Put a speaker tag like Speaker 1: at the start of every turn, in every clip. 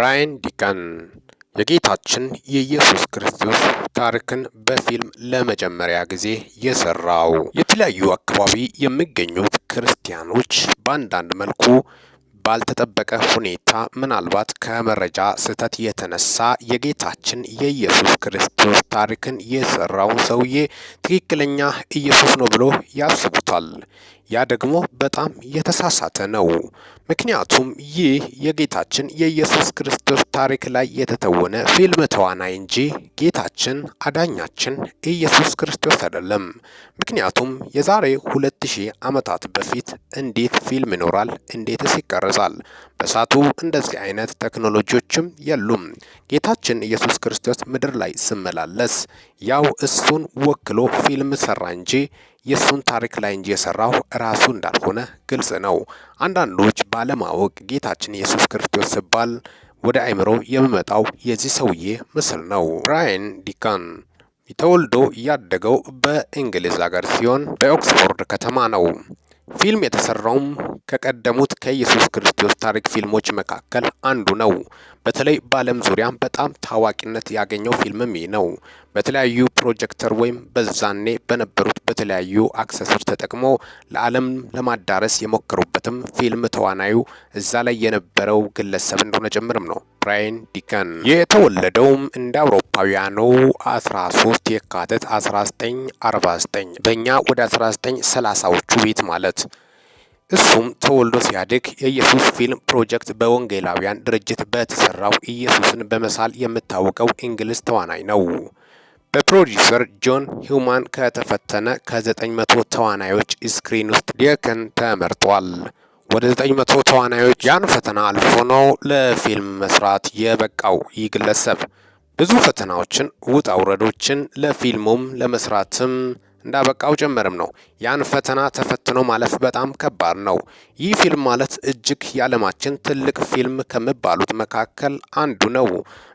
Speaker 1: ብራይን ዲከን የጌታችን የኢየሱስ ክርስቶስ ታሪክን በፊልም ለመጀመሪያ ጊዜ የሰራው። የተለያዩ አካባቢ የሚገኙት ክርስቲያኖች በአንዳንድ መልኩ ባልተጠበቀ ሁኔታ ምናልባት ከመረጃ ስህተት የተነሳ የጌታችን የኢየሱስ ክርስቶስ ታሪክን የሰራውን ሰውዬ ትክክለኛ ኢየሱስ ነው ብሎ ያስቡታል። ያ ደግሞ በጣም የተሳሳተ ነው። ምክንያቱም ይህ የጌታችን የኢየሱስ ክርስቶስ ታሪክ ላይ የተተወነ ፊልም ተዋናይ እንጂ ጌታችን አዳኛችን ኢየሱስ ክርስቶስ አይደለም። ምክንያቱም የዛሬ 200 አመታት ዓመታት በፊት እንዴት ፊልም ይኖራል? እንዴትስ ይቀርጻል? በሳቱ እንደዚህ አይነት ቴክኖሎጂዎችም የሉም። ጌታችን ኢየሱስ ክርስቶስ ምድር ላይ ስመላለስ ያው እሱን ወክሎ ፊልም ሰራ እንጂ የእሱን ታሪክ ላይ እንጂ የሰራው ራሱ እንዳልሆነ ግልጽ ነው። አንዳንዶች ባለማወቅ ጌታችን ኢየሱስ ክርስቶስ ሲባል ወደ አእምሮ የሚመጣው የዚህ ሰውዬ ምስል ነው። ብራያን ዲካን ተወልዶ ያደገው በእንግሊዝ ሀገር ሲሆን በኦክስፎርድ ከተማ ነው። ፊልም የተሰራውም ከቀደሙት ከኢየሱስ ክርስቶስ ታሪክ ፊልሞች መካከል አንዱ ነው። በተለይ በዓለም ዙሪያ በጣም ታዋቂነት ያገኘው ፊልምም ይህ ነው። በተለያዩ ፕሮጀክተር ወይም በዛኔ በነበሩት በተለያዩ አክሰሶች ተጠቅሞ ለዓለም ለማዳረስ የሞከሩበትም ፊልም ተዋናዩ እዛ ላይ የነበረው ግለሰብ እንደሆነ ጭምርም ነው። ብራይን ዲከን የተወለደውም እንደ አውሮፓውያኑ 13 የካቲት 1949 በእኛ ወደ 1930ዎቹ ቤት ማለት እሱም ተወልዶ ሲያድግ የኢየሱስ ፊልም ፕሮጀክት በወንጌላውያን ድርጅት በተሰራው ኢየሱስን በመሳል የምታወቀው እንግሊዝ ተዋናይ ነው። በፕሮዲውሰር ጆን ሂውማን ከተፈተነ ከ900 ተዋናዮች ስክሪን ውስጥ ዴከን ተመርጧል። ወደ 900 ተዋናዮች ያን ፈተና አልፎ ነው ለፊልም መስራት የበቃው። ይህ ግለሰብ ብዙ ፈተናዎችን፣ ውጣ ውረዶችን ለፊልሙም ለመስራትም እንዳበቃው ጭምርም ነው። ያን ፈተና ተፈትኖ ማለፍ በጣም ከባድ ነው። ይህ ፊልም ማለት እጅግ የዓለማችን ትልቅ ፊልም ከሚባሉት መካከል አንዱ ነው።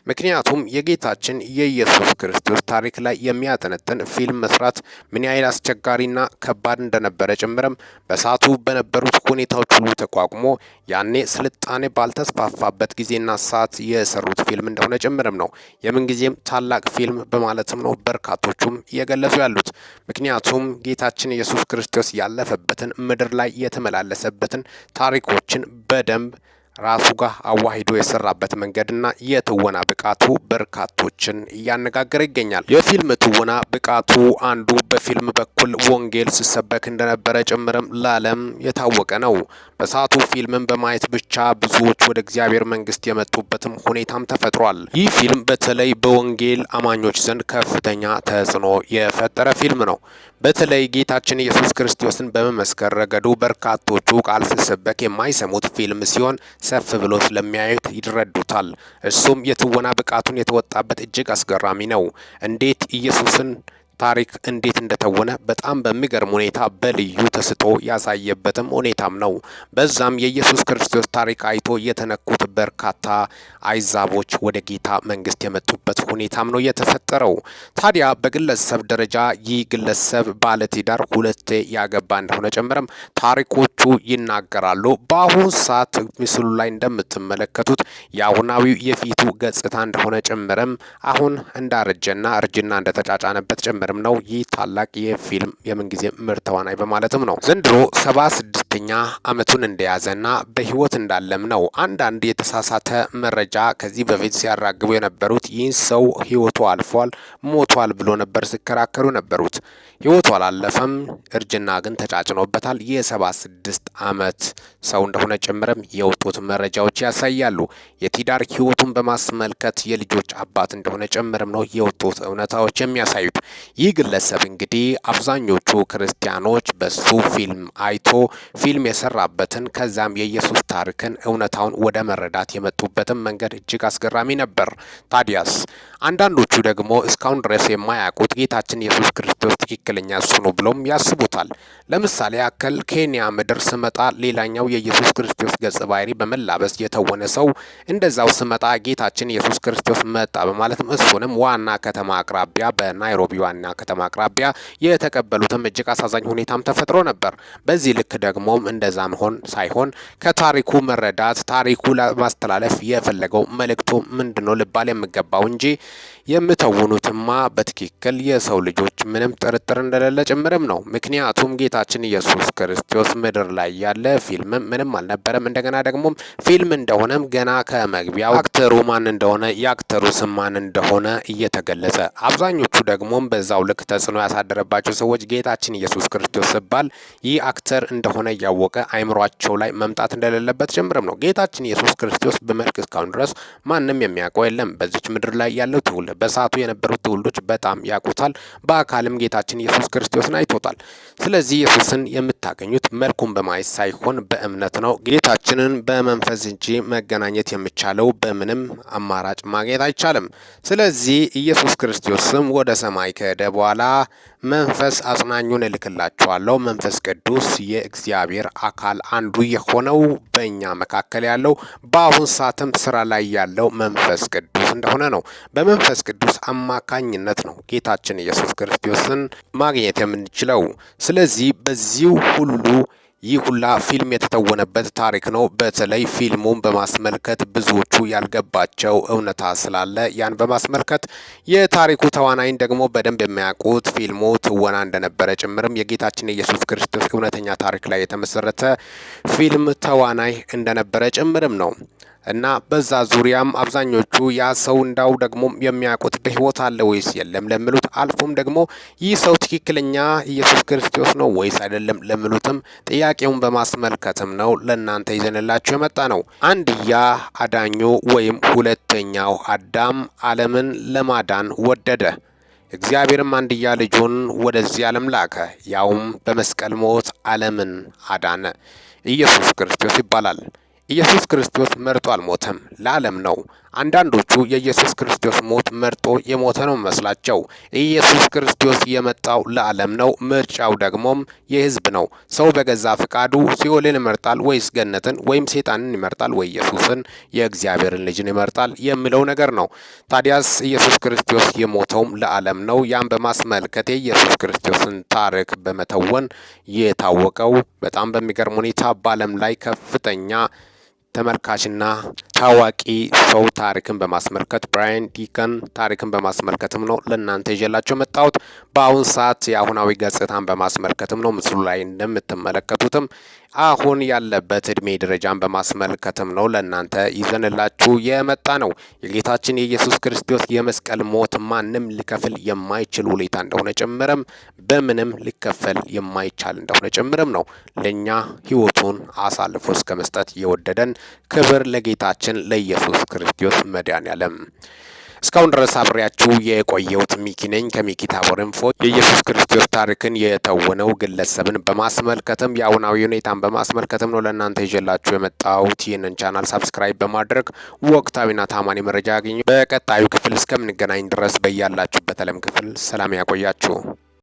Speaker 1: ምክንያቱም የጌታችን የኢየሱስ ክርስቶስ ታሪክ ላይ የሚያጠነጥን ፊልም መስራት ምን ያህል አስቸጋሪና ከባድ እንደነበረ ጭምርም በሰዓቱ በነበሩት ሁኔታዎች ሁሉ ተቋቁሞ ያኔ ስልጣኔ ባልተስፋፋበት ጊዜና ሰዓት የሰሩት ፊልም እንደሆነ ጭምርም ነው የምንጊዜም ታላቅ ፊልም በማለትም ነው በርካቶቹም እየገለጹ ያሉት። ምክንያቱም ጌታችን ኢየሱስ ክርስቶስ ያለፈበትን ምድር ላይ የተመላለሰበትን ታሪኮችን በደንብ ራሱ ጋር አዋሂዶ የሰራበት መንገድና የትወና ብቃቱ በርካቶችን እያነጋገረ ይገኛል። የፊልም ትወና ብቃቱ አንዱ በፊልም በኩል ወንጌል ሲሰበክ እንደነበረ ጭምርም ለዓለም የታወቀ ነው። በሰዓቱ ፊልምን በማየት ብቻ ብዙዎች ወደ እግዚአብሔር መንግስት የመጡበትም ሁኔታም ተፈጥሯል። ይህ ፊልም በተለይ በወንጌል አማኞች ዘንድ ከፍተኛ ተጽዕኖ የፈጠረ ፊልም ነው። በተለይ ጌታችን ኢየሱስ ክርስቶስን በመመስከር ረገዱ በርካቶቹ ቃል ሲሰበክ የማይሰሙት ፊልም ሲሆን ሰፍ ብሎ ስለሚያዩት ይረዱታል። እሱም የትወና ብቃቱን የተወጣበት እጅግ አስገራሚ ነው። እንዴት ኢየሱስን ታሪክ እንዴት እንደተወነ በጣም በሚገርም ሁኔታ በልዩ ተስጦ ያሳየበትም ሁኔታም ነው። በዛም የኢየሱስ ክርስቶስ ታሪክ አይቶ የተነኩት በርካታ አይዛቦች ወደ ጌታ መንግስት የመጡበት ሁኔታም ነው የተፈጠረው። ታዲያ በግለሰብ ደረጃ ይህ ግለሰብ ባለትዳር ሁለቴ ያገባ እንደሆነ ጨምረም ታሪኮቹ ይናገራሉ። በአሁኑ ሰዓት ምስሉ ላይ እንደምትመለከቱት የአሁናዊው የፊቱ ገጽታ እንደሆነ ጭምርም አሁን እንዳረጀና እርጅና እንደተጫጫነበት ጭምር በመደመርም ነው ይህ ታላቅ የፊልም የምንጊዜ ምርጥ ተዋናይ በማለትም ነው። ዘንድሮ ሰባ ስድስት ሁለተኛ ዓመቱን እንደያዘና በህይወት እንዳለም ነው አንዳንድ የተሳሳተ መረጃ ከዚህ በፊት ሲያራግቡ የነበሩት። ይህን ሰው ህይወቱ አልፏል፣ ሞቷል ብሎ ነበር ሲከራከሩ ነበሩት ህይወቱ አላለፈም፣ እርጅና ግን ተጫጭኖበታል። የ76 ዓመት ሰው እንደሆነ ጭምርም የወጡት መረጃዎች ያሳያሉ። የቲዳር ህይወቱን በማስመልከት የልጆች አባት እንደሆነ ጭምርም ነው የወጡት እውነታዎች የሚያሳዩት። ይህ ግለሰብ እንግዲህ አብዛኞቹ ክርስቲያኖች በሱ ፊልም አይቶ ፊልም የሰራበትን ከዛም የኢየሱስ ታሪክን እውነታውን ወደ መረዳት የመጡበትም መንገድ እጅግ አስገራሚ ነበር። ታዲያስ አንዳንዶቹ ደግሞ እስካሁን ድረስ የማያውቁት ጌታችን ኢየሱስ ክርስቶስ ትክክለኛ እሱ ነው ብሎም ያስቡታል። ለምሳሌ ያክል ኬንያ ምድር ስመጣ ሌላኛው የኢየሱስ ክርስቶስ ገጽ ባህሪ በመላበስ የተወነ ሰው እንደዛው ስመጣ ጌታችን ኢየሱስ ክርስቶስ መጣ በማለትም እሱንም ዋና ከተማ አቅራቢያ በናይሮቢ ዋና ከተማ አቅራቢያ የተቀበሉትም እጅግ አሳዛኝ ሁኔታም ተፈጥሮ ነበር። በዚህ ልክ ደግሞ ሆኖም እንደዛ መሆን ሳይሆን ከታሪኩ መረዳት ታሪኩ ለማስተላለፍ የፈለገው መልእክቱ ምንድነው ልባል የምገባው እንጂ የምተውኑትማ በትክክል የሰው ልጆች ምንም ጥርጥር እንደሌለ ጭምርም ነው። ምክንያቱም ጌታችን ኢየሱስ ክርስቶስ ምድር ላይ ያለ ፊልም ምንም አልነበረም። እንደገና ደግሞ ፊልም እንደሆነም ገና ከመግቢያው አክተሩ ማን እንደሆነ የአክተሩ ስም ማን እንደሆነ እየተገለጸ አብዛኞቹ ደግሞም በዛው ልክ ተጽዕኖ ያሳደረባቸው ሰዎች ጌታችን ኢየሱስ ክርስቶስ ሲባል ይህ አክተር እንደሆነ እያወቀ አይምሯቸው ላይ መምጣት እንደሌለበት ጀምረም ነው። ጌታችን ኢየሱስ ክርስቶስ በመልክ እስካሁን ድረስ ማንም የሚያውቀው የለም። በዚች ምድር ላይ ያለው ትውልድ በሰዓቱ የነበሩት ትውልዶች በጣም ያውቁታል። በአካልም ጌታችን ኢየሱስ ክርስቶስን አይቶታል። ስለዚህ ኢየሱስን የምታገኙት መልኩን በማየት ሳይሆን በእምነት ነው። ጌታችንን በመንፈስ እንጂ መገናኘት የሚቻለው በምንም አማራጭ ማግኘት አይቻልም። ስለዚህ ኢየሱስ ክርስቶስም ወደ ሰማይ ከሄደ በኋላ መንፈስ አጽናኙን እልክላችኋለሁ መንፈስ ቅዱስ የእግዚአብሔር የእግዚአብሔር አካል አንዱ የሆነው በእኛ መካከል ያለው በአሁን ሰዓትም ስራ ላይ ያለው መንፈስ ቅዱስ እንደሆነ ነው። በመንፈስ ቅዱስ አማካኝነት ነው ጌታችን ኢየሱስ ክርስቶስን ማግኘት የምንችለው። ስለዚህ በዚሁ ሁሉ ይህ ሁላ ፊልም የተተወነበት ታሪክ ነው። በተለይ ፊልሙን በማስመልከት ብዙዎቹ ያልገባቸው እውነታ ስላለ ያን በማስመልከት የታሪኩ ተዋናይን ደግሞ በደንብ የሚያውቁት ፊልሙ ትወና እንደነበረ ጭምርም የጌታችን የኢየሱስ ክርስቶስ እውነተኛ ታሪክ ላይ የተመሰረተ ፊልም ተዋናይ እንደነበረ ጭምርም ነው። እና በዛ ዙሪያም አብዛኞቹ ያ ሰው እንዳው ደግሞ የሚያውቁት በህይወት አለ ወይስ የለም ለሚሉት አልፎም ደግሞ ይህ ሰው ትክክለኛ ኢየሱስ ክርስቶስ ነው ወይስ አይደለም ለሚሉትም ጥያቄውን በማስመልከትም ነው ለእናንተ ይዘንላችሁ የመጣ ነው። አንድያ አዳኙ ወይም ሁለተኛው አዳም ዓለምን ለማዳን ወደደ። እግዚአብሔርም አንድያ ልጁን ወደዚህ ዓለም ላከ፣ ያውም በመስቀል ሞት ዓለምን አዳነ። ኢየሱስ ክርስቶስ ይባላል። ኢየሱስ ክርስቶስ መርጦ አልሞተም፣ ለዓለም ነው። አንዳንዶቹ የኢየሱስ ክርስቶስ ሞት መርጦ የሞተ ነው መስላቸው። ኢየሱስ ክርስቶስ የመጣው ለዓለም ነው። ምርጫው ደግሞም የህዝብ ነው። ሰው በገዛ ፍቃዱ ሲኦልን ይመርጣል ወይስ ገነትን፣ ወይም ሴጣንን ይመርጣል ወይ ኢየሱስን፣ የእግዚአብሔርን ልጅን ይመርጣል የሚለው ነገር ነው። ታዲያስ ኢየሱስ ክርስቶስ የሞተውም ለዓለም ነው። ያን በማስመልከቴ ኢየሱስ ክርስቶስን ታሪክ በመተወን የታወቀው በጣም በሚገርም ሁኔታ በዓለም ላይ ከፍተኛ ተመልካችና ታዋቂ ሰው ታሪክን በማስመልከት ብራያን ዲከን ታሪክን በማስመልከትም ነው ለእናንተ ይዤላቸው መጣሁት። በአሁን ሰዓት የአሁናዊ ገጽታን በማስመልከትም ነው። ምስሉ ላይ እንደምትመለከቱትም አሁን ያለበት እድሜ ደረጃን በማስመልከትም ነው ለእናንተ ይዘንላችሁ የመጣ ነው። የጌታችን የኢየሱስ ክርስቶስ የመስቀል ሞት ማንም ሊከፍል የማይችል ውለታ እንደሆነ ጭምርም በምንም ሊከፈል የማይቻል እንደሆነ ጭምርም ነው ለእኛ ህይወቱን አሳልፎ እስከ መስጠት የወደደን ክብር ለጌታችን ለጌታችን ለኢየሱስ ክርስቶስ መድኃኔዓለም። እስካሁን ድረስ አብሬያችሁ የቆየሁት ሚኪ ነኝ ከሚኪ ታቦር ኢንፎ። የኢየሱስ ክርስቶስ ታሪክን የተወነው ግለሰብን በማስመልከትም የአሁናዊ ሁኔታን በማስመልከትም ነው ለእናንተ ይዤላችሁ የመጣሁት። ይህንን ቻናል ሳብስክራይብ በማድረግ ወቅታዊና ታማኒ መረጃ ያገኙ። በቀጣዩ ክፍል እስከምንገናኝ ድረስ በያላችሁበት ዓለም ክፍል ሰላም ያቆያችሁ።